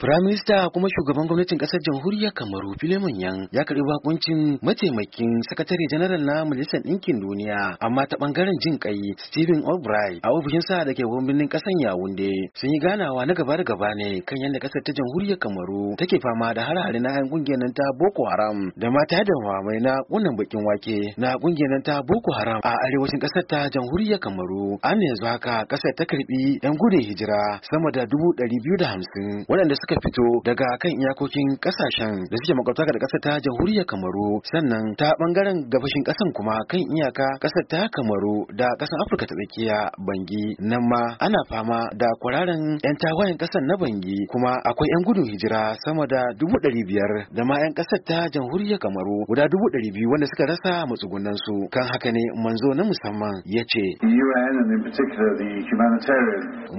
Firaminista kuma shugaban gwamnatin kasar jamhuriyar Kamaru Filemon Yan ya karbi bakuncin mataimakin sakatare janaral na Majalisar Ɗinkin Duniya amma ta bangaren jin kai Stephen Albright a ofishinsa da ke birnin kasar Yawunde sun yi ganawa na gaba da gaba ne kan yadda kasar ta jamhuriyar Kamaru take fama da harare na yan kungiyar nan ta Boko Haram da mata da mamai na kunnan bakin wake na kungiyar nan ta Boko Haram a arewacin kasar ta jamhuriyar Kamaru an yanzu haka kasar ta karbi yan gudun hijira sama da dubu ɗari suka fito daga kan iyakokin kasashen da suke makwabta da kasar ta jamhuriyar kamaru sannan ta bangaren gabashin kasan kuma kan iyaka kasar ta kamaru da kasan afirka ta tsakiya bangi nan ma ana fama da kwararan yan tawayen kasar na bangi kuma akwai yan gudun hijira sama da dubu ɗari biyar da ma yan kasar ta jamhuriyar kamaru guda dubu ɗari biyu wanda suka rasa matsugunan su kan haka ne manzo na musamman ya ce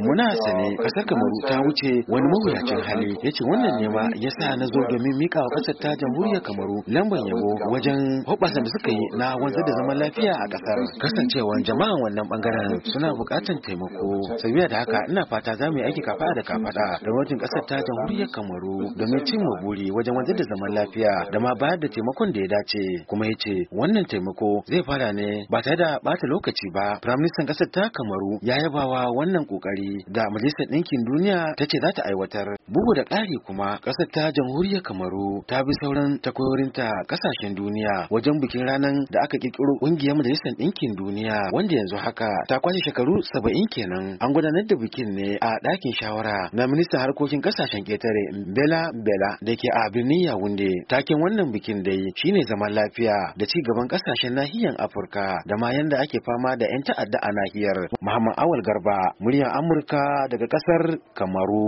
muna sane kasar kamaru ta wuce wani mawuyacin hali Ali ya ce wannan ne ma ya sa na zo domin mika wa kasar ta jamhuriyar Kamaru lambar yabo wajen hoɓasan da suka yi na wanzar da zaman lafiya a ƙasar. Kasancewar jama'an wannan bangaren suna buƙatar taimako. Sabiya da haka ina fata za mu yi aiki kafa da kafaɗa da gwamnatin ƙasar ta jamhuriyar Kamaru domin cin buri wajen wanzar da zaman lafiya da ma bayar da taimakon da ya dace. Kuma ya ce wannan taimako zai fara ne ba tare da bata lokaci ba. Firaministan ƙasar ta Kamaru ya yabawa wannan ƙoƙari da Majalisar Ɗinkin Duniya ta ce za ta aiwatar Bugu da ƙari kuma ƙasar ta jamhuriyar Kamaru ta bi sauran takwayorinta ƙasashen duniya wajen bikin ranar da aka ƙirƙiro ƙungiyar Majalisar Ɗinkin Duniya wanda yanzu haka ta kwashe shekaru saba'in kenan. An gudanar da bikin ne a ɗakin shawara na ministan harkokin ƙasashen ƙetare Bela Bela da ke a birnin Yawunde. Taken wannan bikin dai shine zaman lafiya da ci gaban ƙasashen nahiyar Afirka da ma yanda ake fama da 'yan ta'adda a nahiyar. Muhammad Awal Garba, muryar Amurka daga ƙasar Kamaru.